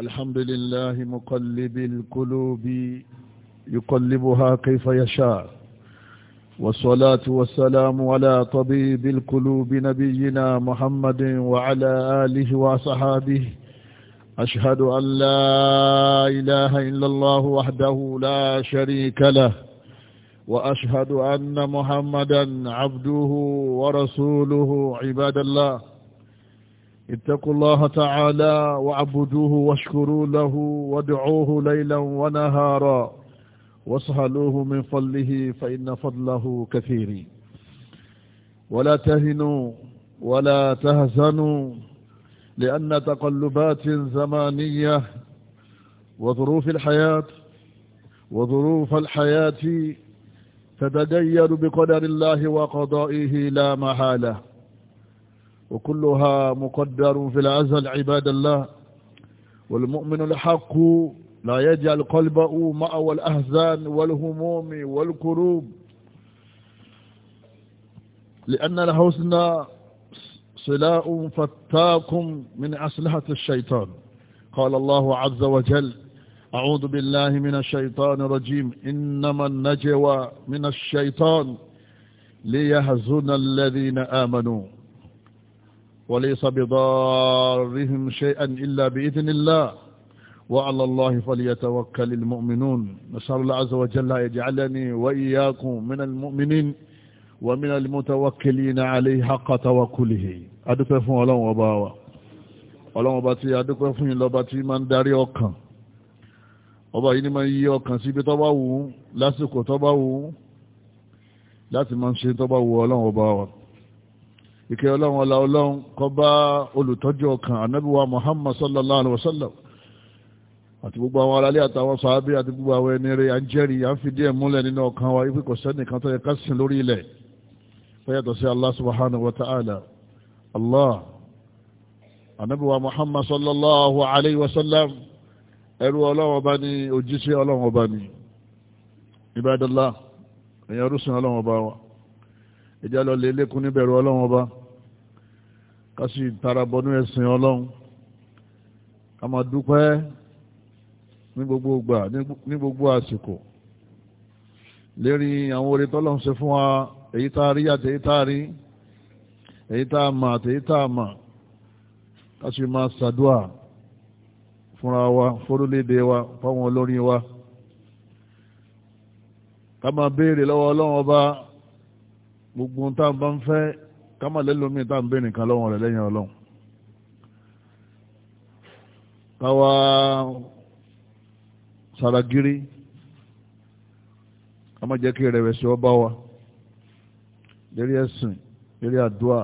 الحمد لله مقلب القلوب يقلبها كيف يشاء والصلاة والسلام على طبيب القلوب نبينا محمد وعلى آله وصحابه أشهد أن لا إله إلا الله وحده لا شريك له وأشهد أن محمدا عبده ورسوله عباد الله اتقوا الله تعالى وعبدوه واشكروا له وادعوه ليلا ونهارا واسهلوه من فضله فإن فضله كثير ولا تهنوا ولا تهزنوا لأن تقلبات زمانية وظروف الحياة وظروف الحياة تتغير بقدر الله وقضائه لا محالة وكلها مقدر في الأزل عباد الله والمؤمن الحق لا يجعل قلبه مأوى الأحزان والهموم والكروب لأن الحسن صلاء فتاكم من أسلحة الشيطان قال الله عز وجل أعوذ بالله من الشيطان الرجيم إنما النجوى من الشيطان ليحزن الذين آمنوا وليس بضارهم شيئا إلا بإذن الله وعلى الله فليتوكل المؤمنون نسأل الله عز وجل يجعلني وإياكم من المؤمنين ومن المتوكلين عليه حق توكله adúpẹ́ fún ọlọ́run ọba wa ọlọ́run ọba tí adúpẹ́ fún yín lọ́ba tí máa ń darí ọkàn ọba yìí ni máa ń yí ọkàn síbi tó bá wù ú lásìkò tó bá wù ú láti máa ń ṣe tó bá wù ọlọ́run ọba wa ìkẹ́ ọlọ́run ọlá ọlọ́run kó bá olùtọ́jú ọkàn anábíwá Muhammad sallallahu alaihi wasallam àti gbogbo àwọn aráalé àtàwọn sàábí àti gbogbo àwọn ẹni rẹ̀ à ń jẹ́rìí à ń fi díẹ̀ múlẹ̀ nínú ọkàn wa ipò sẹ́nìkan tó yẹ ká sìn lórí ilẹ̀ fẹ́yàtọ̀ sí Allah subhanahu wa ta'ala Allah anábíwá Muhammad sallallahu alaihi wasallam ẹrú ọlọ́run ọba ni òjíṣẹ́ ọlọ́run ọba ni ibadallah ẹ̀yàn rúṣin ọlọ́run ọba wa ìjálọ̀ lè lékún níbẹ̀rù ọlọ́run ọba Kasi sì tara bọnú kama ọlọ́run ká máa dúpẹ́ ní gbogbo ìgbà ní gbogbo àsìkò lérí àwọn oore tọ́lọ́run ṣe fún wa èyí tá a rí àti èyí tá a rí èyí tá a mà àti èyí tá a mà ká sì máa fúnra wa fórílẹ̀-èdè wa fáwọn olórin wa ká máa béèrè lọ́wọ́ ọlọ́run ọba gbogbo ohun bá ń fẹ́ kama lẹ́lómi tá ń bẹ́ nìkan lọ́wọ́ rẹ̀ lẹ́yìn ọlọ́run káwa saragiri ká má jẹ́ kí ìrẹ̀wẹ̀sì ọba wa lérí ẹ̀sìn lérí àdúà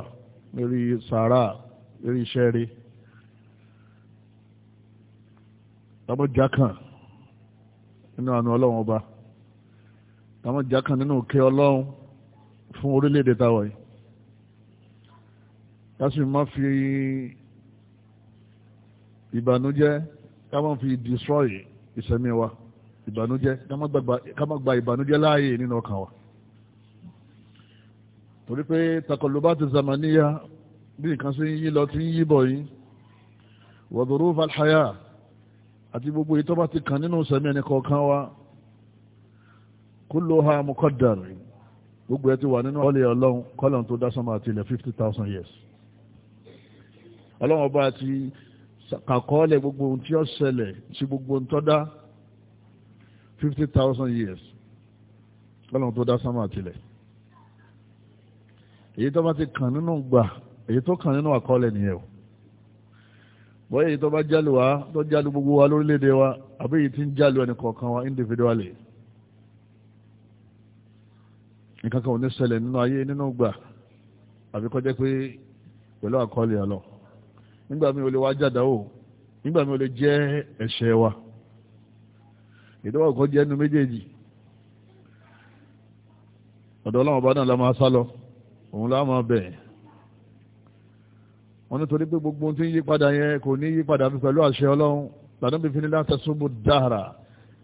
lérí sàárà lérí iṣẹ́ rí kámọ́ jákàn nínú àánú ọlọ́run ọba kámọ́ jákàn nínú òkè ọlọ́run fún orílẹ̀-èdè táwa yìí kásì má fi ìbànújẹ́ ká má fi destroy ìsẹ̀mí wa ìbànújẹ́ ká má gba ìbànújẹ́ láàyè nínú ọkàn wa torí pé takọlùbátù zamaniya bí nǹkan sí yí lọ tí ń yí bọ̀ yìí wa dhuruf al-haya àti gbogbo yìí tó bá ti kàn nínú sẹ̀mí ẹni kọ̀ọ̀kan wa kulluha muqaddar gbogbo ẹ ti wà nínú ọlẹ́ ọlọ́run kọ́lọ̀ tó dá sánmà àti ilẹ̀ fifty thousand years ọlọ́run ọba ti kàkọ́ọ́lẹ̀ gbogbo ohun tí ó ṣẹlẹ̀ sí gbogbo ohun tó dá fifty thousand years ọlọ́run tó dá sámà tilẹ̀ èyí tó bá ti kàn nínú gbà èyí tó kàn nínú àkọọ́lẹ̀ nìyẹn o bọ́yá èyí tó bá jálù wá tó jálù gbogbo wa lórílẹ̀‐èdè wa àbí èyí tí ń jálù ẹnì kọ̀ọ̀kan wa individually nǹkan kan ò ní ṣẹlẹ̀ nínú ayé nínú gbà àbí kọjá pé pẹ̀lú àkọọ́lẹ̀ ọlọ́run nígbà mi ò lè wá jàdáwò nígbà mi ò lè jẹ́ ẹ̀ṣẹ̀ wa ìdánwò kan jẹ́ ẹnu méjèèjì ọ̀dọ̀ ọlọ́run ọba náà la máa sá lọ òun la máa bẹ̀ wọ́n nítorí pé gbogbo ohun tí ń yí padà yẹn kò ní yí padà fi pẹ̀lú àṣẹ ọlọ́run lànàbí fi ní láti súnmù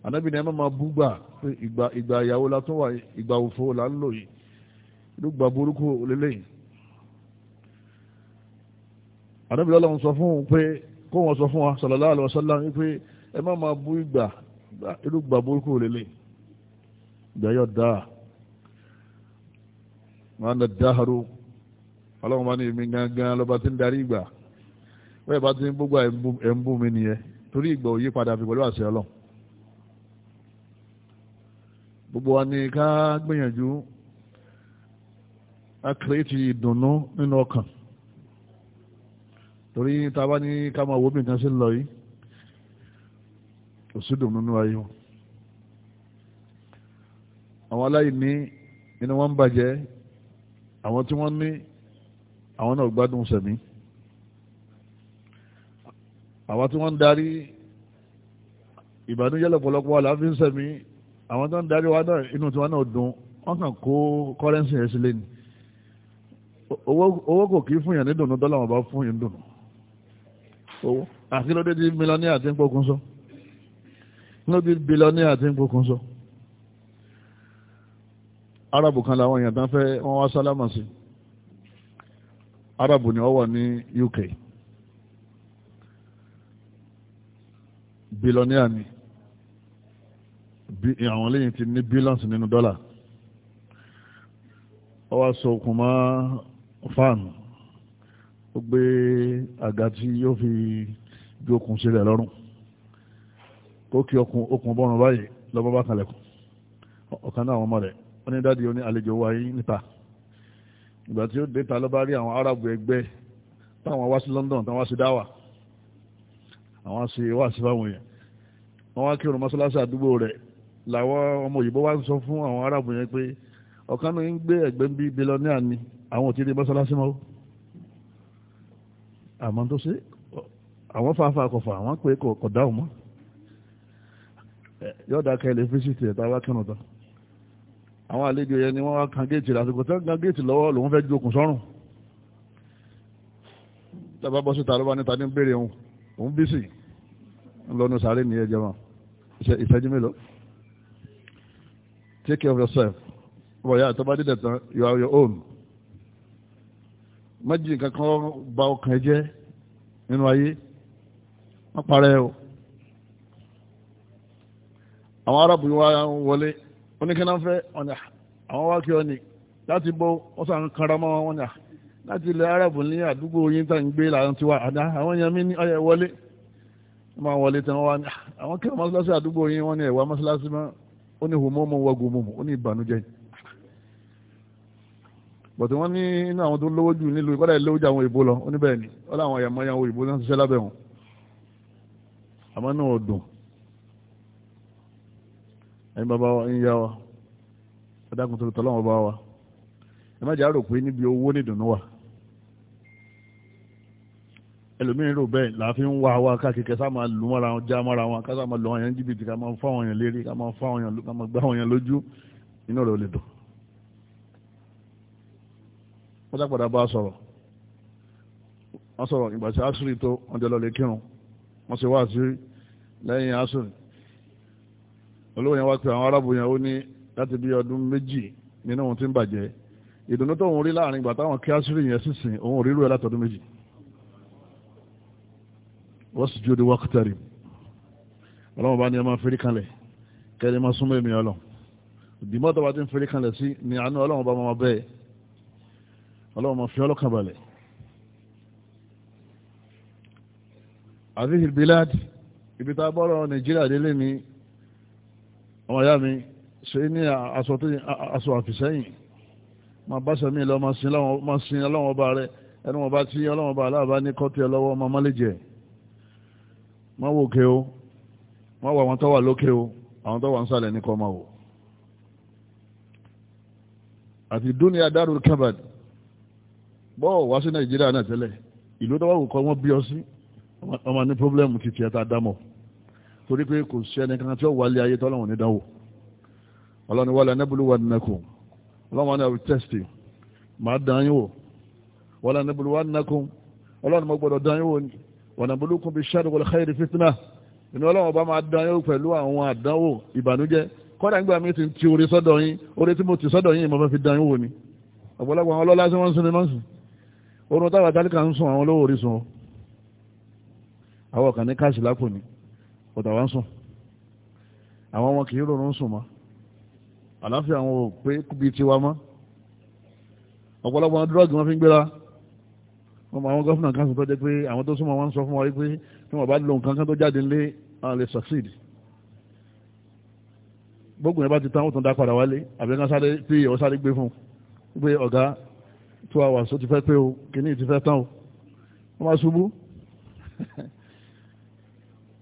ànábì ní ẹ má máa búgbà ìgbà ìyàwó la tún wà ìgbà òfo là ń lò yìí ìlú gbà burúkú lélẹ́yìn ànábì ọlọ́run sọ fún un pé kó wọn sọ fún wa sallallahu alaihi wasallam pé ẹ má máa bú ìgbà irú gbà burúkú lélẹ̀ ìgbà yóò dáa máa ń dáhàrú ọlọ́run bá ní èmi gangan lọ́ba tí ń darí ìgbà wẹ́ẹ̀ bá ti ń gbogbo ẹ̀ ń bú mi nìyẹn torí ìgbà òye padà fi pẹ̀lú àṣẹ ọlọ́run gbogbo wa ni ká gbìyànjú a kìrìtì ìdùnnú nínú ọkàn torí ta bá ní ká máa wo bí nǹkan ṣe ń lọ yìí kò sí dùn nínú ayé wọn àwọn aláìní inú wọn ń bàjẹ́ àwọn tí wọ́n ní àwọn náà gbádùn sẹ̀mí àwọn tí wọ́n ń darí ìbànújẹ́ lọ́pọ̀lọpọ̀ wà láàfin sẹ̀mí àwọn tó ń darí wa náà inú tiwọn náà dùn wọ́n kàn kó kọ́rẹ́nsì yẹn sílé ni owó kò kí fún yàn ní dùnú dọ́là wọn bá fún yàn dùnú owó àti lóde di mílíọ̀nì àti ń pokùn sọ lóde di bílíọ̀nì àti ń pokùn sọ arabu kan làwọn èèyàn tán fẹ́ wọ́n wá sálámà sí arabu ni ó wà ní UK bílíọ̀nì ni, àwọn lẹ́yìn ti ní bílíọ̀nsì nínú dọ́là ó wá so okùn mọ́ fáànù ó gbé àga tí yóò fi bí okùn sílẹ̀ lọ́rùn kó kí okùn bọ́rùn báyìí lọ́bọ́ bá kalẹ̀kùn ọ̀kan náà àwọn ọmọ rẹ̀ ó ní dáàdi oní àlejò wa yín níta ìgbà tí ó dé ta ló rí àwọn Arab ẹgbẹ́ táwọn wá sí London táwọn wá sí dáwà àwọn ṣe wá sí fáwọn èèyàn wọ́n wá kírun mọ́sálásí àdúgbò rẹ̀ làwọn ọmọ òyìnbó wá ń sọ fún àwọn Arab yẹn pé ọ̀kan náà ń gbé ẹ̀gbẹ́ bí bilọ́níà ni àwọn ò mọ́sálásí mọ́ àmọ́ tó ṣe àwọn fàáfà kọfà àwọn pé kò dáhùn mọ́ yọ́dà kẹlẹ̀ fíṣítì ẹ̀ta wá kírun tán àwọn àlejò yẹn ni wọ́n wá kan géètì lásìkò tán kan géètì lọ́wọ́ lòun fẹ́ jókun sọ́rùn tàbá bọ́ síta lọ́wọ́ níta ní béèrè òun òun bí sì ń lọ́nu sáré ní ẹjọ́ wọn mélòó take care of yourself bọ̀yá àtọ́bádé dẹ̀ tán you are your own májì nǹkan kan ba ọkàn ẹ jẹ́ nínú ayé wọ́n parẹ́ o àwọn arábù wa wọlé oníkanáfẹ́ ọ̀nà àwọn wá kí ọ̀nì láti bọ́ wọ́n sàn kanra mọ́ wọn ọ̀nà láti ilẹ̀ arábù ní àdúgbò yín tá ń gbé làwọn ti wá àdá àwọn èèyàn mi ní ọyẹ wọlé wọ́n máa wọlé tán wá ní àwọn kí wọ́n mọ́sálásí àdúgbò yín wọ́n ní ẹ̀wà mọ́sálásí mọ́ ó ní hùmọ́mù wọ́gùn mọ́mù ó ní ìbànújẹ́ yìí bọ̀tí wọ́n ní inú àwọn tó lówó jù nílùú ìpàdé lówó jù àwọn òyìnbó lọ ó ní bẹ́ẹ̀ ni ó láwọn àyàmọ́ àwọn òyìnbó náà ṣiṣẹ́ lábẹ́ wọn àmọ́ náà ò dùn ẹ̀yin bàbá wa ń yá wa ọ̀dàkùn tó lè tọ́lọ́wọ́n bá wa ẹ má jẹ́ àrò pé níbi owó nídùnnú wa ẹlòmíràn rò bẹ́ẹ̀ láàfin ń wá wa káàkiri kẹsà máa lù mọ́ra wọn já mọ́ra wọn kásà máa lù wọn yẹn jìbìtì ká máa fáwọn yẹn lérí ká máa fáwọn yẹn ká máa gbá wọn yẹn lójú inú rẹ̀ ò lè dùn wọ́n dápadà bá sọ̀rọ̀ wọ́n sọ̀rọ̀ ìgbà tí asiri tó wọ́n jẹ́ lọ́lẹ̀ kírun wọ́n sì wá àṣírí lẹ́yìn asiri olówó yẹn wá pé àwọn arábò yẹn ó ní láti bí ọdún méjì nínú ohun tí ń bàjẹ́ ìdùnnú tó ń rí láàrin ìgbà táwọn kí asiri yẹn sísìn òun rírú ẹ látọdún méjì wọ́n sì jó de wákàtàrí ọlọ́run bá ní ẹ máa fẹ́rí kanlẹ̀ kẹ́ni máa súnmọ́ èmi ọlọ́run ni àánú ọlọ́run bá máa ọlọ́run máa fi ọlọ́kàn balẹ̀ bilad ibi tá a bọ́rọ̀ nàìjíríà délé ni ọmọ ìyá mi ṣe ní aṣọ àfìsẹ́yìn ma bá sẹ́mi lọ máa sin ọlọ́run ọba rẹ ẹnu wọn bá tí ọlọ́run ọba aláàbá ní kọ́tì ẹ lọ́wọ́ má lè jẹ máa wò ké o máa wà àwọn tó wà lókè o àwọn tó wà ń sàlẹ̀ ní kọ́ máa wò àti dúnìá dárò kábàdì bọ́ọ̀ wá sí nàìjíríà náà tẹ́lẹ̀ ìlú tó wà wò kọ́ wọ́n bí ọ sí ọmọ ní pọ́blẹ́mù ti tiẹ̀ ta dámọ̀ torí pé kò sí ẹni kankan tí ó wálé ayé tọ́lọ́wọ̀n ní dánwò ọlọ́ni wọlé anábùlù wà nínú ọlọ́wọ́n ní àwọn tẹ́sítì máa dán yín wò wọlé anábùlù wà nínú ọlọ́ni mo gbọ́dọ̀ dán yín wò ni wọ̀nà burúkú bíi ṣáàdùn wọlé káyìrì fitna inú ọlọ́wọ́n bá máa dán yín wò pẹ̀lú àwọn àdánwò ìbànújẹ́ kọ́dà ńgbà mi ti ti orí sọ́dọ̀ yín orí tí mo ti sọ́dọ̀ yín mo fẹ́ fi dán yín wò ni ọ̀pọ̀lọpọ̀ àwọn ọlọ́lá oorun táwa tálíkà ń sùn àwọn olówó orí sùn àwọn kan ní káàsì lápò ní ọ̀tà wa ń sùn àwọn ọmọ kì í rọrùn sùn mọ́ àláfíà àwọn ò pé bíi tiwa mọ́ ọ̀pọ̀lọpọ̀ dúrọ́ọ̀gì wọn fi ń gbéra wọ́n mọ àwọn gọ́fìnà kan tó jẹ́ pé àwọn tó súnmọ́ wọn sọ fún wa wípé tí wọ́n bá lo nǹkan kan tó jáde nílé àwọn lè succeed gbogbo yẹn bá ti tán ó tún dá padà wálé àbí kan sáré pé ọ̀ sáré gbé fún un pé ọ̀gá two hours ó ti fẹ́ pé o kìíní ti fẹ́ tán o wọ́n máa ṣubú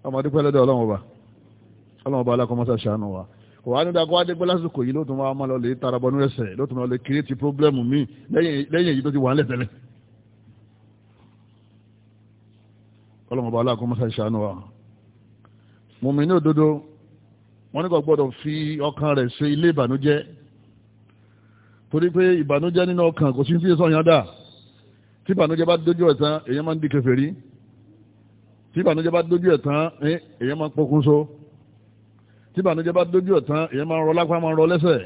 ọmọdé pẹ́ lọ́dọ̀ ọlọ́run ọba ọlọ́run ọba alákọ̀ọ́mọ́sá ṣàánú wa kò wá nígbà kó wá dégbé lásìkò yìí lóòtún wá máa lọ lè tara bọnú ẹsẹ̀ lóòtún lọ lè kiri ti pírọ́blẹ́mù míì lẹ́yìn èyí tó ti wà ń lẹ̀ tẹ́lẹ̀ ọlọ́run ọba alákọ̀ọ́mọ́sá ṣàánú wa mùmí ní òdodo wọn ní kò gbọ́dọ̀ fi ọkàn rẹ̀ ṣe ilé ìbànújẹ́ torí pé ìbànújẹ́ nínú ọkàn kò sí sí sọ́yàn dà tí ìbànújẹ́ bá dójú ẹ̀ tán èèyàn máa ń di kèfèrí tí ìbànújẹ́ bá dójú ẹ̀ tán èèyàn máa ń pokùnso tí ìbànújẹ́ bá dójú ẹ̀ tán èèyàn máa ń rọ lápá máa ń rọ lẹ́sẹ̀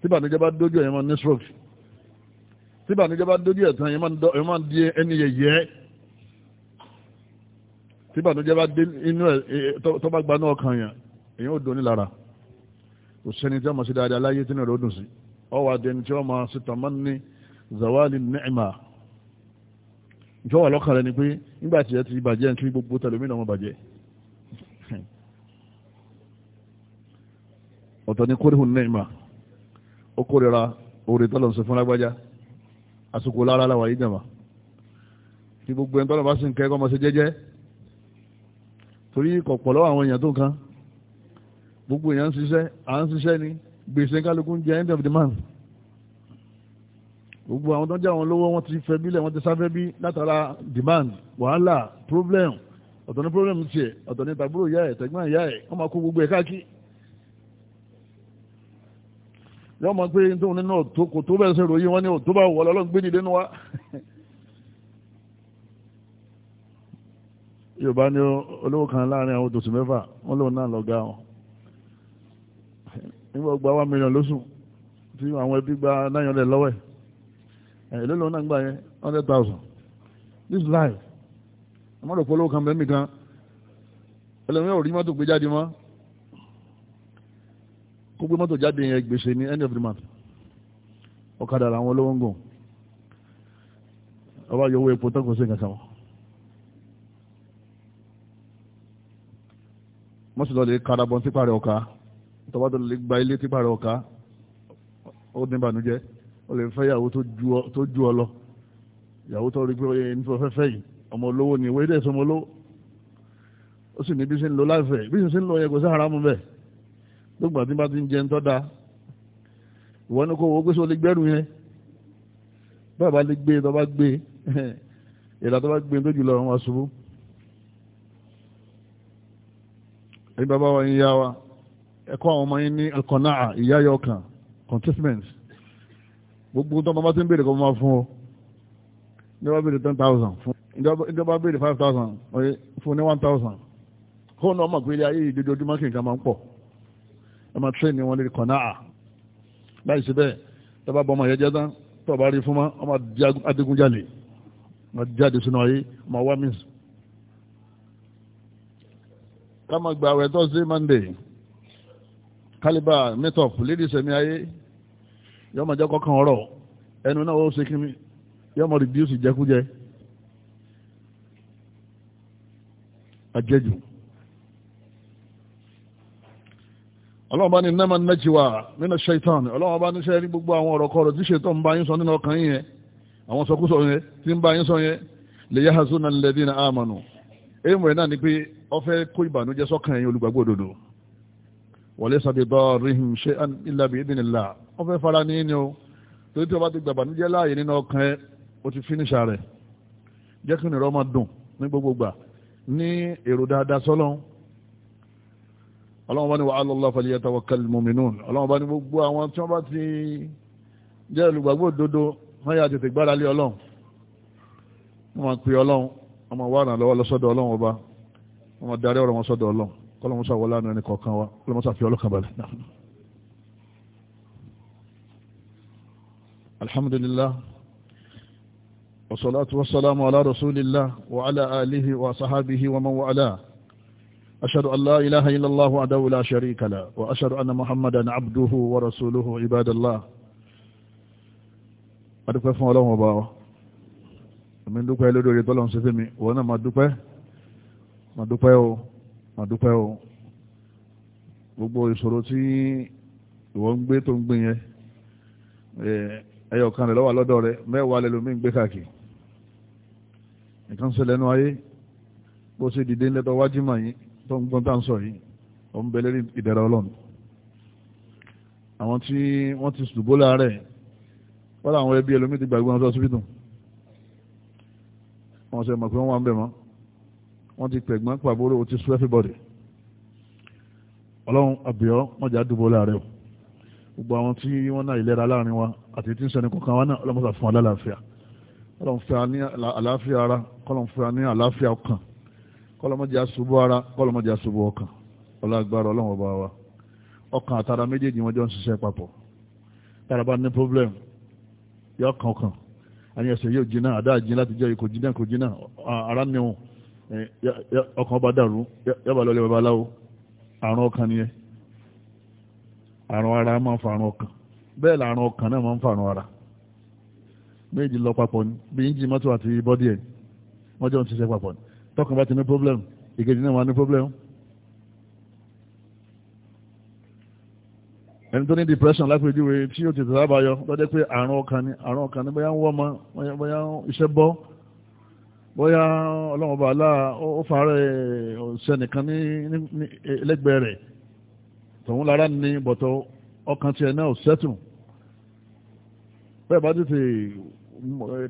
tí ìbànújẹ́ bá dójú èèyàn máa ń ní stroke tí ìbànújẹ́ bá dójú ẹ̀ tán máa ń di ẹni yẹ̀yẹ́ tí ìbànújẹ́ bá dé inú ẹ̀ tó bá gbaná ọkàn yẹn èèyàn ò doni lára kò sẹ́ni tí wọ́n mọ̀ sí dáadáa láyé tí náà ló dùn sí ọwà dẹni tí wọ́n máa síta máa ní zawali ni'ima ìjọ wà lọ́kàn rẹ̀ ni pé nígbà tí ẹ ti bàjẹ́ nítorí gbogbo tẹlẹmí náà wọ́n bàjẹ́ ọ̀tọ̀ ni kórìhùn ni'ima ó kórìíra orí tọ́lọ̀ ń sọ fún lágbájá àsìkò lára láwà yìí jàmà tí gbogbo ẹni tọ́lọ̀ bá sì ń kẹ́kọ̀ọ́ mọ́ sí jẹ́jẹ́ torí kọ̀pọ̀ lọ́wọ́ àwọn èèyàn tó kan gbogbo èèyàn ń ṣiṣẹ́ à ń ṣiṣẹ́ ni gbèsè kálukú ń jẹ end of the month gbogbo àwọn tó ń jẹ́ àwọn olówó wọ́n ti fẹ́ bílẹ̀ wọ́n ti sáfẹ́ bí látara demand wàhálà problem ọ̀tọ̀ ní problem tiẹ̀ ọ̀tọ̀ ní tàbúrò ìyá ẹ̀ tẹ̀gbọ́n ìyá ẹ̀ wọ́n máa kó gbogbo ẹ̀ káàkiri yọ́ mọ̀ pé tóun nínú ọ̀tọ̀ kò tó bẹ́ẹ̀ sọ̀rọ̀ yìí wọ́n ní ọ̀tọ̀ bá wọ̀ lọ́lọ́run gbé dìde nù wá Yorùbá ní olówó kan láàrin àwọn tòṣù mẹ́fà wọ́n lóun náà lọ ga wọn nígbà gba one million lóṣù tí àwọn ẹbí gba nine hundred lọ́wọ́ ẹ̀ èlé lòun náà gbà yẹn hundred thousand this life àmọ́dọ̀ polówó kan bẹ́ẹ̀ nìkan ẹlẹ́mìíràn ò rí mọ́tò gbé jáde mọ́ kó gbé mọ́tò jáde yẹn gbèsè ní end of the month ọ̀kadà làwọn olówó ń gùn ọba yọ owó epo tọ́kọ̀ sí nǹkan kan mọ́sùlọ́lẹ̀ karabọ́n tí parí ọ̀ka tọba tó lè gba ilé tí bàrẹ̀ ọ̀ka ó ní ìbànújẹ́ ó lè fẹ́ ìyàwó tó ju ọ lọ ìyàwó tó rí pé oye ní tó fẹ́fẹ́ yìí ọmọ olówó ni ìwé dẹ̀ sọmọ olówó ó sì ní bí ṣe ń lo láìfẹ́ bí ṣe ń lo yẹ kò sí haramu bẹ́ẹ̀ gbogbo àti bá ti ń jẹ ń tọ́ da ìwọ ní kò wọ́n gbé sóò lè gbẹ́rù yẹn bẹ́ẹ̀ lè gbé tó bá gbé ìlà tó bá gbé tó jùlọ wọn wá ṣubú bàbá wa ń yá wa ẹ̀kọ́ àwọn ọmọ yín ní alkọ̀náà ìyáyọ̀ ọkàn contentment gbogbo tó bá ti ń béèrè kọ́ máa fún ọ ìjọba béèrè ten thousand fún ìjọba béèrè five thousand fún ní one thousand kó ní ọmọ ìpínlẹ̀ ayé ìdíje ojúmọ́ kí nǹkan máa ń pọ̀ ẹ máa tírẹ̀ ní wọn lè kọ̀náà láì sí bẹ́ẹ̀ ẹ bá bọ ọmọ ìyẹn jẹ́ tó o rí fún ma ọmọ adigunjalè ọmọ jáde sínú ayé ọmọ wámísì ká máa gba àwẹ̀ tó ṣe Monday kálíbà mẹ́tọ̀ lédi sẹ̀mí yọ ma jẹ́ kọkàn ọrọ ẹnu náà ó ṣe kí mi ma rìdíùsì jẹkújẹ àjẹjù ọlọ́run bá ní nẹ́mà nẹ́jìwà nínú ṣẹ́tàn ọlọ́run bá ní ṣe rí gbogbo àwọn ọ̀rọ̀ tí ṣètò ń bá yín walaysa bidarrihim shay'an illa bi'idhnillah wọ́n fẹ́ fara ní ní o torí tí wọ́n bá ti gbàgbà níjẹ́ láàyè nínú ọkàn ẹ o ti fínísà rẹ̀ jẹ́ kí nìrọ̀ máa dùn ní gbogbogbà ní èrò dáadáa sọ́lọ́n ọlọ́wọ́n bá ní wa 'ala Allah falyatawakkalil mu'minun ọlọ́wọ́n bá ní gbogbo àwọn tí wọ́n bá ti jẹ́ olùgbàgbọ́ òdodo wọ́n yà tètè gbára lé ọlọ́run wọ́n máa pe ọlọ́run wọ́n máa wá kọlọmọsá wọlá náà ní kọ̀ọ̀kan wa kọlọmọsá fi ọlọ́kan balẹ̀ náà. alhamdulillah wasalatu wasalamu ala rasulillah wa ala alihi wa sahabihi wa man wa ala ashadu an la ilaha illallah wa adawu la sharika la wa ashadu anna muhammadan abduhu wa rasuluhu ibadallah adúpẹ́ fún ọlọ́run ọba wa èmi dúpẹ́ lórí orí tọ́lọ́run sí fún wọ́n náà ma dúpẹ́ ma dúpẹ́ o màdúpẹ́ o gbogbo ìṣòro tí ìwọ ń gbé tó ń gbé yẹn ẹyọ kan rẹ̀ lọ́wọ́ lọ́dọ̀ rẹ̀ mẹ́wàá lẹ́nu mi ń gbé káàkiri nǹkan ṣẹlẹ̀ nú ayé bó ṣe dìde lẹ́tọ̀ wájú mà yín tó ń gbọ́n tá à ń sọ yìí ó ń bẹ lérí ìdẹ̀ra ọlọ́run àwọn tí wọ́n ti ṣùgbó láàárẹ̀ wọ́n làwọn ẹbí ẹlòmíì ti gbàgbé wọn sọ síbìtàn wọ́n ṣe mọ̀ pé wọ́n wà ń bẹ̀ mọ́ wọ́n ti pẹ̀gbọ́n pàbóró o ti sún everybody ọlọ́run àbíọ́ mọ̀já dúbọ̀ láàrẹ̀ o gbogbo àwọn tí wọ́n náà ìlera láàrin wa àti tí ń sẹ́ni kọ̀ọ̀kan wa náà ọlọ́mọ̀sá fún wa lálàáfíà kọ́lọ́n ní àlàáfíà ara kọ́lọ́n fún wa ní àlàáfíà ọkàn kọ́lọ́mọ̀já ṣubú ara kọ́lọ́mọ̀já ṣubú ọkàn ọlọ́gbàrá ọlọ́run ọba wa ọkàn àtara méjèèjì wọn jọ ń ṣiṣẹ́ papọ̀ tára bá ní problem yọ ọkàn ọkàn àyẹ̀sẹ̀ yóò jiná àdá àjìn láti jẹ́ ìkòjìnà ìkòjìnà ara níwọ̀n ọkàn bá dàrú yọba lọlé babaláwo àrùn ọkàn nìyẹn àrùn ara máa ń fa àrùn ọkàn bẹ́ẹ̀ làrùn ọkàn náà máa ń fa àrùn ara méjì lọ papọ̀ ni bí ń jí mọ́tò àti bọ́dí ẹ̀ wọ́n jọ ń ṣiṣẹ́ papọ̀ ni tọkàn bá ti ní problem ìkejì náà wà ní problem. ẹni tó ní depression lápèjúwe tí yóò tètè sábà yọ lọ́dẹ́ pé àrùn ọkàn ni àrùn ọkàn ni bóyá ń wọ́ ọmọ bóyá iṣẹ́ bọ́ bóyá ọlọ́run bá aláà ó fàárẹ̀ ọ̀sẹ̀nìkan ní ẹlẹ́gbẹ̀ẹ́ e, rẹ̀ tọ̀hún lára ní bọ̀tọ̀ ọkàn tiẹ̀ náà ṣẹ́tù bẹ́ẹ̀ bá tètè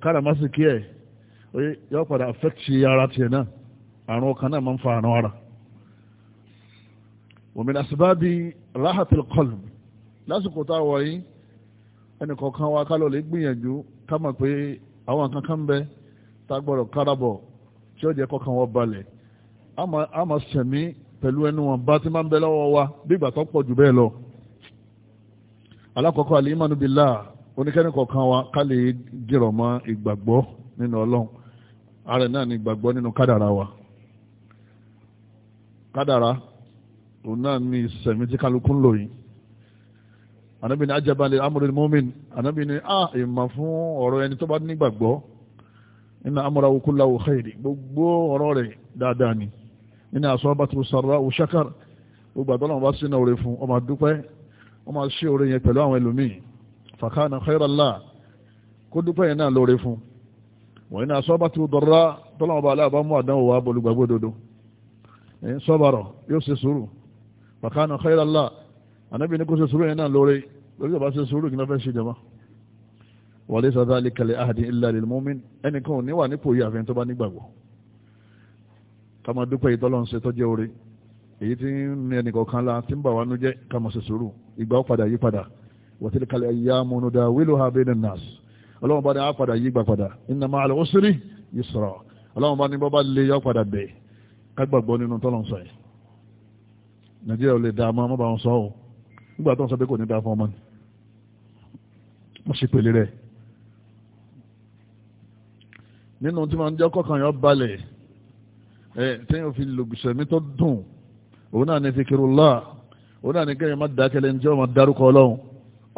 káràmásìkí ẹ̀ padà ara ti náà àrùn ọkàn náà máa ń fa àrùn ara òmìnira síbáàbí rahatil qalb lásìkò tá a wọ̀ ẹnì kọ̀ọ̀kan wa kálọ̀ lè gbìyànjú ká kankan bẹ́ẹ̀ tágbọ́rọ̀ kárabọ̀ tí ó jẹ́ kọ́kàn wọ́n balẹ̀ a máa sẹ̀mí pẹ̀lú ẹnu wọn bá ti máa ń bẹ lọ́wọ́ wa bí ìgbà tó pọ̀ jù bẹ́ẹ̀ lọ. alákọ̀ọ́kọ́ al-imanu billah oníkẹ́ni kọ̀ọ̀kan wa ká lè jìrọ̀ mọ́ ìgbàgbọ́ nínú ọlọ́run ààrẹ náà ni ìgbàgbọ́ nínú kádàrà wa kádàrà òun náà ni ìsẹ̀mí tí kálukú ń lò yìí anábìnrin ajabalẹ̀ amúlẹ̀ mọ́mìn anábìnrin a ah, ìmọ̀ fún ọ̀rọ̀ ẹni tó bá nígbàgbọ́ inna amrahu kullahu khairi gbogbo ọ̀rọ̀ rẹ̀ dáadáa ni inna asabatu sarra'u shakar gbogbo àtọ́lọ́wọ́n bá sínú oore fún ọmọ dúpẹ́ ọmọ ṣe oore yẹn pẹ̀lú àwọn ẹlòmíì fakana khairan la kó dúpẹ́ yẹn náà lóore fún wọ́n inna asabatu darra tọ́lọ́wọ́n bá aláàbá mú àdánwò wá bolùgbàgbódodo sọ́bàrọ̀ yóò ṣe sùúrù fakana khairan la kó ṣe sùúrù yẹn náà lóore lórí wàlẹ́ sọ́dá alẹ́kẹ̀lẹ́ ahadi illa lil mu'min ẹnìkan ò ní wà nípò yìí àfihàn tó bá nígbàgbọ́ ká máa dúpẹ́ ìtọ́lọ́ ń ṣe tọ́jú orí èyí tí ń ní ẹnìkọ̀ọ̀kan la ti ń bà wá nú jẹ́ ká máa ṣe sùúrù ìgbà ó padà yí padà wa tilkal ayyamu nudawiluha bainan nas ọlọ́run bá ní á padà yí gbà padà inna ma'al usri yusra ọlọ́run bá ní bọ́ bá lè yọ padà bẹ̀ ká nínú tọ́lọ́ sọ yìí nàìjíríà ò lè dá ọmọ ọmọ bá wọn sọ ọ́ nígbà tó ń sọ pé kò ní dá fún ọmọ ni wọ́n ṣe pèlè rẹ̀ nínú tí máa ń jẹ́ kọ́kàn yọ balẹ̀ ẹ̀ téèyàn fi lògbìsẹ̀mí tó dùn òun náà ní zikirullah òun náà ní kéèyàn má dákẹ́lẹ́ ní tí wọ́n máa dárúkọ ọlọ́run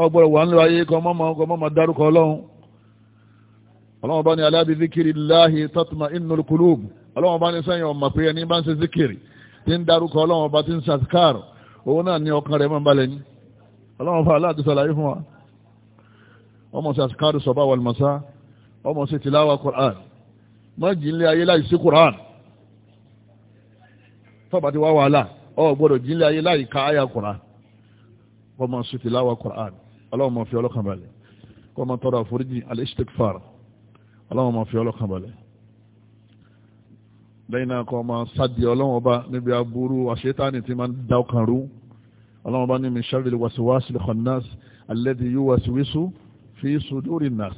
ọgbọ́dọ̀ wà ń lọ ayé kan mọ́mọ́ ọkọ̀ mọ́mọ́ dárúkọ ọlọ́run ọlọ́run bá ní ala bi zikirillahi tatma'innul qulub ọlọ́run bá ní sẹ́yìn ọmọ pé ẹni bá ń ṣe zikiri tí ń dárúkọ ọlọ́run ọmọ ṣàkár tìláwà Qur'an má jí ilé ayé láì sí Quran tọ́ba ti wá wàhálà ọ gbọ́dọ̀ jí ilé ayé láì ka àyà Quran wọ́n máa sùn tìláwà Quran ọlọ́run máa fi ọlọ́kàn balẹ̀ kọ́ máa tọrọ àforíjì al-istighfar ọlọ́run máa fi ọlọ́kàn balẹ̀ lẹ́yìn náà kọ́ máa sádi ọlọ́run níbi aburú àṣetánì tí máa ń dá ọkàn rú ọlọ́run ní min sharril waswasil khannas alladhi yuwaswisu fi suduri nnas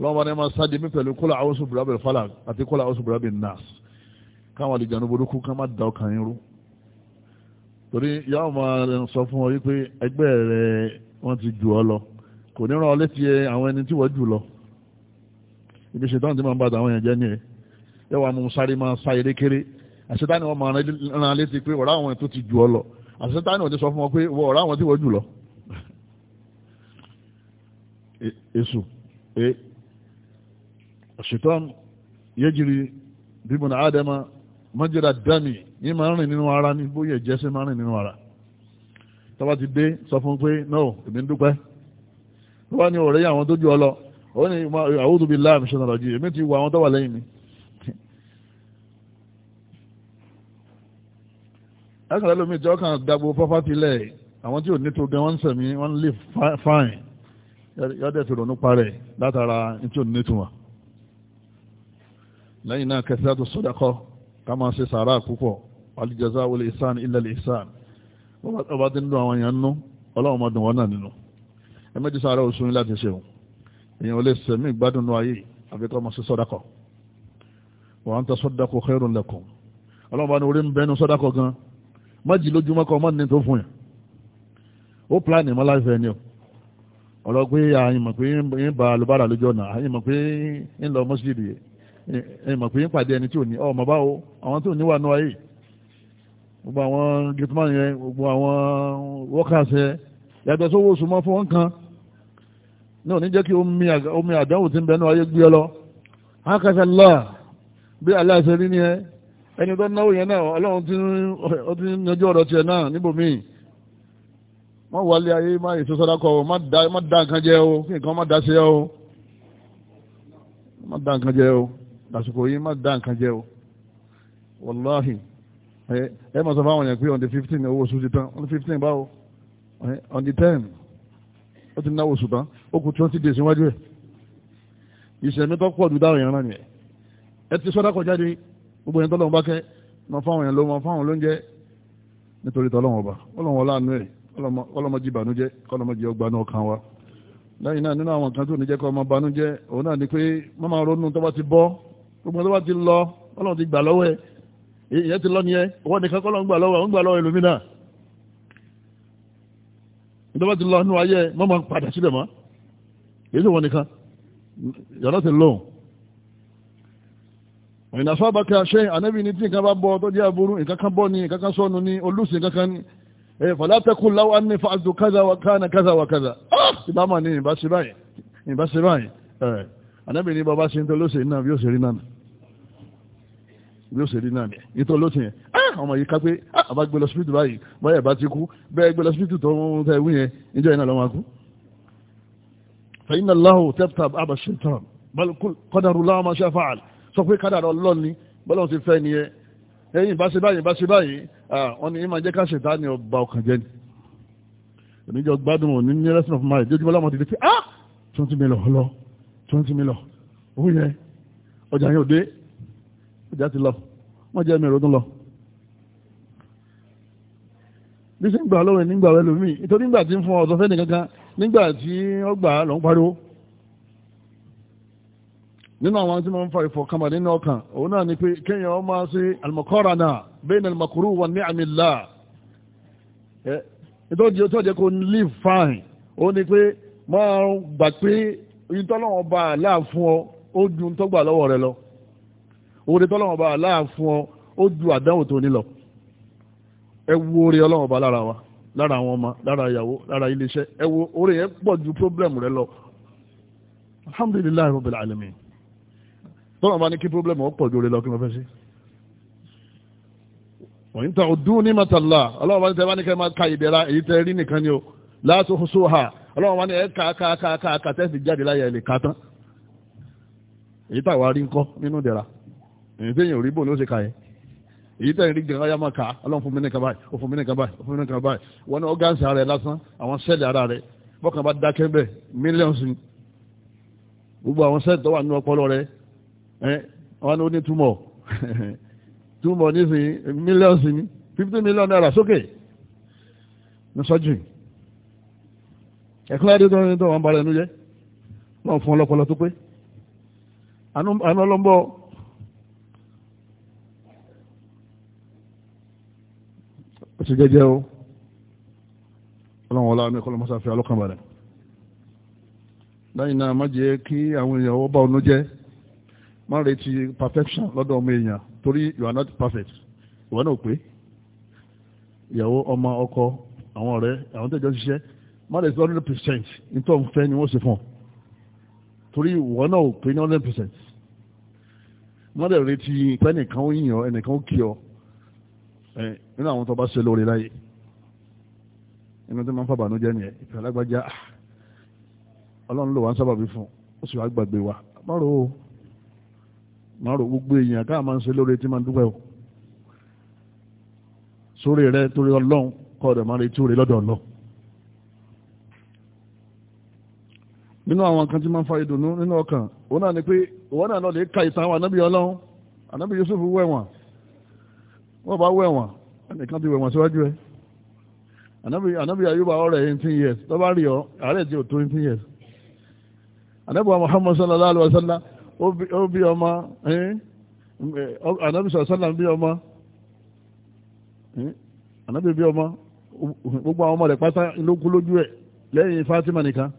lọ́wọ́ ní máa sáájú mi pẹ̀lú kólà àwọ̀sùn bùrábẹ̀ fàlà àti kólà àwọ̀sùn bùrábẹ̀ nas káwọn àlejò burúkú ká má da ọkàn yín rú torí yàwó máa sọ fún ọ wípé ẹgbẹ́ rẹ wọ́n ti jù ọ lọ kò ní rán ọ létí àwọn ẹni tí wọ́n jù lọ ibi ṣètọ́n ti máa ń bá àwọn èèyàn jẹ́ ní ẹ yóò wá mú sáré máa sá eré kéré àṣetáni wọn máa rán létí pé ọ̀rá àwọn tó ti jù ọ lọ àṣetáni wọn ti sọ fún ọ pé ọ̀rá àwọn tí wọ́n jù lọ e, èṣù e, ṣetán yéjìrì bíbùn àádẹ́mà mọ́jẹ́dà dámì ní máa rìn nínú ara ní bóyá ẹ̀jẹ̀ ṣe máa rìn nínú ara tọ́ba ti dé sọ fún pé no èmi ń dúpẹ́ tó bá ní ọ̀rẹ́ àwọn tó jù ọ lọ ó ní a'udhu billahi minash shaitanir rajim èmi ti wọ àwọn tó wà lẹ́yìn mi. ẹ̀kọ́ lómi ìjọ kan dàgbò pọ́pátì lẹ̀ àwọn tí ò ní tó gan wọ́n ń sẹ̀mí wọ́n ń lè fáìn yọ́dẹ̀ tó rònú parẹ̀ látara tí ò ní tó wọn lẹ́yìn náà kẹsàtù sọ́dọ̀kọ́ ká máa ṣe sàárà púpọ̀ alìjẹsà wọlé ìsàn ilẹ̀ ìsàn ọba tí nínú àwọn èèyàn nú ọlọ́run máa dùn wọ́n náà nínú ẹmẹ́jì sàárà oṣù ní láti ṣeun èèyàn ò lè sẹ̀mí ìgbádùn ní ayé àfikọ́ máa ṣe sọ́dọ̀kọ́ wọ́n á ń tẹ sọ́dọ̀kọ́ khairun lakum ọlọ́run bá ní orí ń bẹ́nu sọ́dọ̀kọ́ gan má ní tó ẹ̀mọ̀ pé ń pàdé ẹni tí ò ní ọmọ bá o àwọn tí ò ní wà náà yìí gbogbo àwọn gateman yẹn gbogbo àwọn workers yẹn yàtọ̀ sówó oṣù mọ́ fún wọn kan ní òní jẹ́ kí omi àdánwò ti ń bẹnu ayé gbé ọ lọ akásálà bí aláṣẹ rí ni ẹ ẹni tó náwó yẹn náà ọlọ́run ti ń yanjú ọ̀rọ̀ tiẹ̀ náà níbòmíì má wálé ayé má èso sọ́dá kọ o má dá nǹkan jẹ o kí nǹkan má dá sí ẹ o má dá nǹkan jẹ o àsìkò yìí má dá nǹkan jẹ́ o wàláhì ẹ mọ̀ sọ fáwọn èèyàn pé on the fifteen owó oṣù ti tán on the fifteen báwo on the ten ó ti náwó oṣù tán ó kù twenty days níwájú ẹ̀ ìṣẹ̀mí tó pọ̀ ju dáhùn yẹn rán nìyẹn ẹ ti sọ́dá kọjá de gbogbo yẹn tọ́lọ́wọ́n bá kẹ́ mọ fáwọn èèyàn ló mọ fáwọn ló ń jẹ́ nítorí tọ́lọ́wọ́n ọba ọlọ́wọ́n láàánú ẹ̀ ọlọ́mọdé ìbànújẹ́ kọ́lọ́mọdé ọgbà náà kan wa lẹ́yìn náà nínú àwọn kan tó ní jẹ́ kọ́ ọmọ ìbànújẹ́ òun náà ni pé má ronú tó bá ti bọ́ gbogbo tó bá ti lọ ọlọ́run ti gbà lọ́wọ́ ẹ ìyẹn ti lọ ní ẹ nìkan kọ́ lọ́n gbà lọ́wọ́ àwọn gbà lọ́wọ́ ẹlòmínà tó ti lọ nínú ayé mọ́ máa padà sílẹ̀ mọ́ èyí tó wọ́n nìkan yàrá ti lóhùn ìnà sábàkà ṣe ànábì ní tí nǹkan bá bọ́ tó jẹ́ aburú nǹkan kan bọ́ ni nǹkan kan sọnù ni olùsì nǹkan kan ni ẹ fàlátẹ́kù láwọn á ní fàájú kaza wa kana kaza wa kaza ah! ìbámu ni ìbá báyìí ìbá báyìí ànábì ní bàbá ṣe ń tọ́lọ́sẹ̀ náà bí ó ṣe rí náà bí ó ṣe rí náà ní tọ́lọ́sẹ̀ yẹn ah! ọmọ yìí ká pé àbá ah! gbé lọ síbítù báyìí báyà bá ti kú bẹ́ẹ̀ gbé lọ síbítù tó ń tẹ ewu yẹn níjọ́ yẹn náà lọ́wọ́ akú. fẹ̀yìn aláhùn tẹ́pítà àbà ṣètàn kọ́dàrú láwọn máa ṣe àfààl sọ pé kádàrú ọlọ́run ni bọ́lọ́run ti fẹ́ ni ẹ̀yìn bá ṣe báyìí bá ṣe báyìí ah! twenty million owó yẹn ọjà yẹn ò dé ọjà ti lọ wọ́n jẹ́ mẹ́rin ọdún lọ. bí sí ń gbà lọ́wọ́ nígbà wẹ́lú mi nítorí nígbà tí ń fún ọ̀sán fẹ́ni kankan nígbà tí ó gbà lọ ń pariwo. nínú àwọn tí wọ́n ń fa ìfọ̀kànmà nínú ọkàn òun náà ni pé kéèyàn ọmọ sí al ni bayna al-makruh wa ni'amillah ìtọ́jú tó jẹ́ kó live fine ó ní pé máa gbà pé oyin tọ́lọ́wọ́n bá àlá fún ọ ó ju ń tọ́gbà lọ́wọ́ rẹ lọ oore tọ́lọ́wọ́n bá àlá fún ọ ó ju àdánwò tó ní lọ ẹ wo oore ọlọ́wọ́n bá lára wa lára àwọn ọmọ lára ìyàwó lára iléeṣẹ́ ẹ wo oore yẹn pọ̀ ju pírọ́blẹ̀mù rẹ lọ alhamdulilayi rabbil alamin tọ́lọ́wọ́n bá ní kí pírọ́blẹ̀mù ọ pọ̀ ju oore lọ kí wọ́n fẹ́ sí òyìn tó dún ní mọ́tàlá ọlọ́wọ́n bá ní tẹ́ bá ní kẹ́ máa ka ìdẹ̀ra èyí tẹ́ rí nìkan ni o láti hùsùn ọlọ́run wa ní ẹ ká ká ká ká ká tẹ́sí jáde láyé ẹ lè ká tán èyí táwa rí ńkọ́ nínú ìdẹ̀ra èyí tẹ́yìn ò rí bò ló ṣe ká yẹ èyí tẹ́yìn rí gan-an yàmà ká ọlọ́run fún mi nìkan báyìí ó fún mi nìkan báyìí ó fún mi nìkan báyìí wọn ní ọ́gáǹsì ara rẹ lásán àwọn sẹ́ẹ̀lì ara rẹ bọ́kàn bá dákẹ́ bẹ́ẹ̀ mílíọ̀nsì gbogbo àwọn sẹ́ẹ̀lì tó wà nínú ọpọlọ rẹ wọn ní ó ní túmọ̀ túmọ̀ nísìnyí mílíọ̀nsì ní fifty million naira sókè ní sọ́jú yìí ẹ̀kúnlẹ́dé tó ń tọ́wọ́n balẹ̀ ẹnu jẹ́ náà fún ọlọ́pọlọ tó pé àánú ọlọ́mbọ́ oṣù jẹjẹ o ọlọ́wọ́n ọlọ́wọ́n ẹ̀kọ́ lọ́mọ́sá fi ọlọ́kàn balẹ̀ lẹ́yìn náà má jẹ́ kí àwọn èèyàn ó bá ọnú jẹ́ má retí perfection lọ́dọ̀ ọmọ èèyàn torí you are not perfect ìwọ náà pé ìyàwó ọmọ ọkọ àwọn ọ̀rẹ́ àwọn tẹ̀jọ́ ṣiṣẹ́ marriage hundred percent nítorí òun fẹ́ ni wọ́n ṣe fún ọ torí ìwọ náà ò pé ní hundred percent mọ́dẹ̀ retí pé ẹnìkan ó yìn ọ ẹnìkan ó kí ọ nínú àwọn tó bá ṣe lóore láyé inú tó máa ń fàbànújẹ́ nìyẹn ìfẹ́ alágbájá ah, ọlọ́run ló wà ń sábàbí fún ó sì wá gbàgbé wa márò márò gbogbo èèyàn káà máa ń ṣe lóore tí máa ń dúpẹ́ o sórí rẹ torí ọlọ́run kọ́ ọ̀dọ̀ máa retí òre lọ́dọ̀ ọlọ́run nínú àwọn kan tí máa ń fa ìdùnnú nínú ọkàn òun náà ni pé òun náà lọ lè ka ìtàn àwọn anábì ọlọ́run anábì Yusuf wẹ̀wọ̀n wọ́n bá wẹ̀wọ̀n ẹnìkan ti wẹ̀wọ̀n síwájú ẹ̀ anábì anábì Ayuba ọ̀rẹ́ eighteen years tó bá rí ọ àárẹ̀ tí ò tó eighteen years anábì Muhammad sallallahu alayhi wa sallam ó bí ọmọ anábì sallam bí ọmọ anábì bí ọmọ gbogbo àwọn ọmọ rẹ̀ pátá ló kú lójú ẹ̀ lẹ́yìn Fatima nìkan.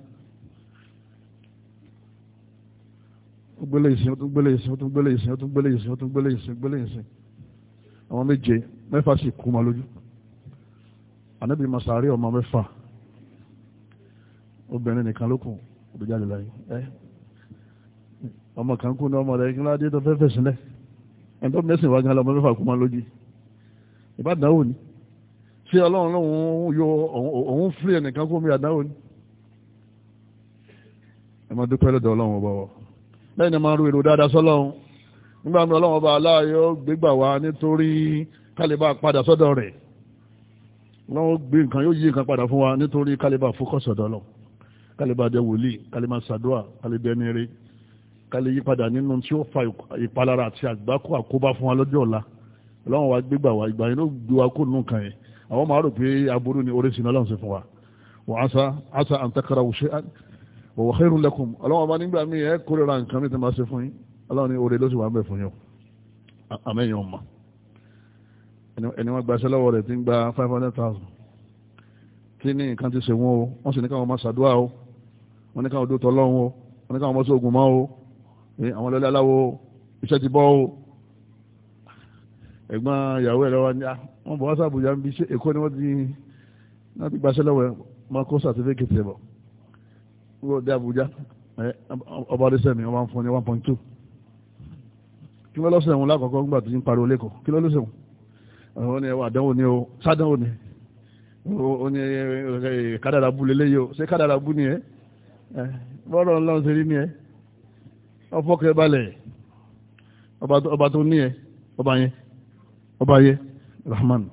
gbélé ìsìn ó tún gbélé ìsìn ó tún gbélé ìsìn ó tún gbélé ìsìn ó tún gbélé ìsìn gbélé ìsìn àwọn méje mẹ́fà sì kú ma lójú ànábì masari ọmọ mẹ́fà obìnrin nìkan ló kù olùjáde láyé ẹ ọmọ kan kú ní ọmọ rẹ kí ládé tó fẹ́ fẹ̀sìn lẹ ẹni tó mẹ́sìn wá gan lọmọ mẹ́fà kú ma lójú ìbádàáwò ni ṣé ọlọ́run lóun yóò òun fílẹ̀ nìkan kú mi àdáwò ni ẹ máa dúpẹ́ lọ́dọ̀ ọlọ́run ọba wa lẹ́yìn náà máa ru èrò dáadáa sọ́lọ́run nígbà mi ọlọ́run ọba aláàyò gbégbà wá nítorí kálíbà padà sọ́dọ̀ rẹ̀ lọ́wọ́ gbé nǹkan yóò yí nǹkan padà fún wa nítorí kálíbà fókọ̀sọ̀dọ̀ lọ kálíbà jẹ́ wòlíì kálíbà sàdúà kálíbà ẹni rere kálí yípadà nínú tí ó fa ìpalára àti àgbákò àkóbá fún wa lọ́jọ́ ọ̀la ọlọ́run wa gbégbà wá ìgbà yẹn ló gbé wa kó nù kàn yẹn àwọn máa rò pé aburú ni oríṣiríṣi ọlọ́run ṣe fún wa wọ́n asa òwò xeyiru lẹkùn ọlọ́wọ́n bá nígbà míì ẹ kórira nǹkan mi tẹ́ máa ṣe fún yín ọlọ́wọ́n ní oore ló sì wà ń bẹ̀ fún yín àmẹ́yìn ọmọ ẹni wọ́n gbaṣẹ́ lọ́wọ́ rẹ̀ ti ń gba five hundred thousand kí ní nǹkan ti ṣe wọ́n o wọ́n sì ní káwọn máa ṣàdúrà o wọ́n ní káwọn dó tọ́ lọ́wọ́ wọ́n ní káwọn máa ṣoògùn mọ́ o àwọn ọlọ́lẹ́ aláwo iṣẹ́ ti bọ́ o ẹ̀gbọ́n wúrọ̀ dé Abuja ọba adésẹ́mi ọba ń fún ní one point two kí wọ́n lọ́sẹ̀ wọn lákọ̀ọ́kọ́ nígbà tó ń pariwo lẹ́kọ̀ọ́ kí ló lọ́sẹ̀ wọn àwọn ni ẹwà àdánwò ni o sádánwò ni o ní kádàrà bú lélẹ́yìí o ṣé kádàrà bú ni ẹ bọ́ọ̀rọ̀ ńlọrọ̀ ṣe rí ni ẹ ọfọ́kẹ́ balẹ̀ ọba tó ní ẹ ọba yẹn ọba yẹn rahman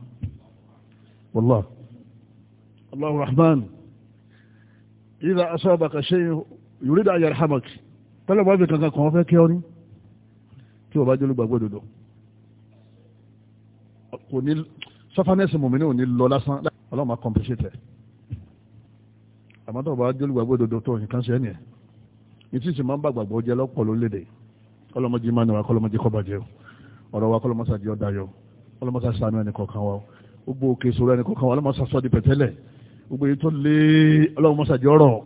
wallah allahu rahman ìlà aṣọ àbàkà ṣe ìrìdà ayàrá hamak tọ́lọ̀ bá fi kankan kan fẹ́ kí ọ ní tí wọ́n bá jẹ́ olùgbàgbọ́ òdodo kò ní sọ́fánẹ́sì mọ̀mí ní ò ní lọ lásán ọlọ́run máa kọ̀mpẹ́sẹ̀tẹ̀ àmọ́ tọ́wọ́ bá jẹ́ olùgbàgbọ́ òdodo tó nǹkan ṣe ẹ̀nìyẹn ní tí sì máa ń bá gbàgbọ́ jẹ lọ́pọ̀ lólédè ọlọ́mọdé máa ń wà wa kọ́lọ́mọsàdì ọ̀dayọ̀ òkè ìṣòro ẹnì kọ̀ọ̀kan wa ọlọ́mọsàsọ́ di pẹ̀tẹ́lẹ̀ gbogbo èyí tó lé ọlọ́run mọ́sàjọ́ rọ̀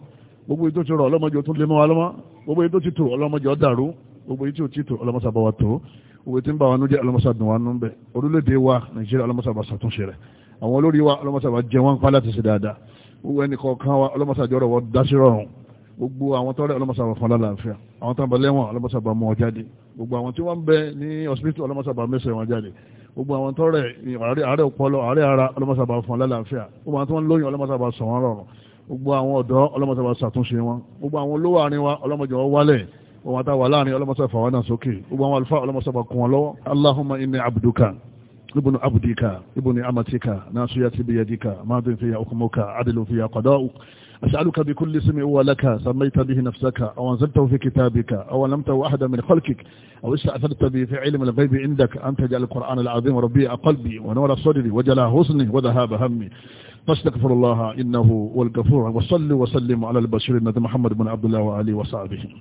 gbogbo èyí tó ti rọ̀ ọlọ́mọdé tó lé mọ́ wa lọ́mọ́ gbogbo èyí tó ti tò ọlọ́mọdé ó dàrú gbogbo èyí tí ò ti tò ọlọ́mọsà bá wa tó gbogbo èyí tí ń bá wa nú jẹ́ ọlọ́mọsà dùn wa nú bẹ̀ orílẹ̀-èdè wa nàìjíríà ọlọ́mọsà bá ṣàtúnṣe rẹ̀ àwọn olórí wa ọlọ́mọsà bá jẹ wọn pa láti ṣe dáadáa gbogbo ẹnì kọ̀ọ̀kan wa ọlọ́mọsà jọrọ̀ wọ dásí rọrùn gbogbo àwọn tọ́rẹ ọlọ́mọsà fún alálàáfíà àwọn tán lẹ́wọ̀n ọlọ́mọsà bá mú jáde gbogbo àwọn tí wọ́n ń bẹ ní hospital ọlọ́mọsà bá mẹ́sẹ̀ wọn jáde gbogbo àwọn tó rẹ̀ àárẹ̀ ọpọlọ àárẹ̀ ara ọlọ́mọsàbà fún ọlọ́láàfíà gbogbo àwọn tó ń lóyún ọlọ́mọsàbà sọ wọn rọrùn gbogbo àwọn ọ̀dọ́ ọlọ́mọsàbà ṣàtúnṣe wọn gbogbo àwọn olówó àárín wa ọlọ́mọjọ wálẹ̀ gbogbo àwọn táwa láàrin ọlọ́mọsàbà wọn náà sókè gbogbo àwọn àlùfáà ọlọ́mọsàbà kún wọn lọ́wọ́ Allahumma inni abduka ibùnú abdika ibùnú amatika nasuyati biyadika madun fiya hukmuka adilun fiya qada'uk أسألك بكل اسم هو لك سميت به نفسك أو أنزلته في كتابك أو علمته أحدا من خلقك أو استأثرت به في علم الغيب عندك أن تجعل القرآن العظيم ربيع قلبي ونور صدري وجلاء حسني وذهاب همي فاستغفر الله إنه هو الكفور وصلوا وسلموا على البشير النبي محمد بن عبد الله وآله وصحبه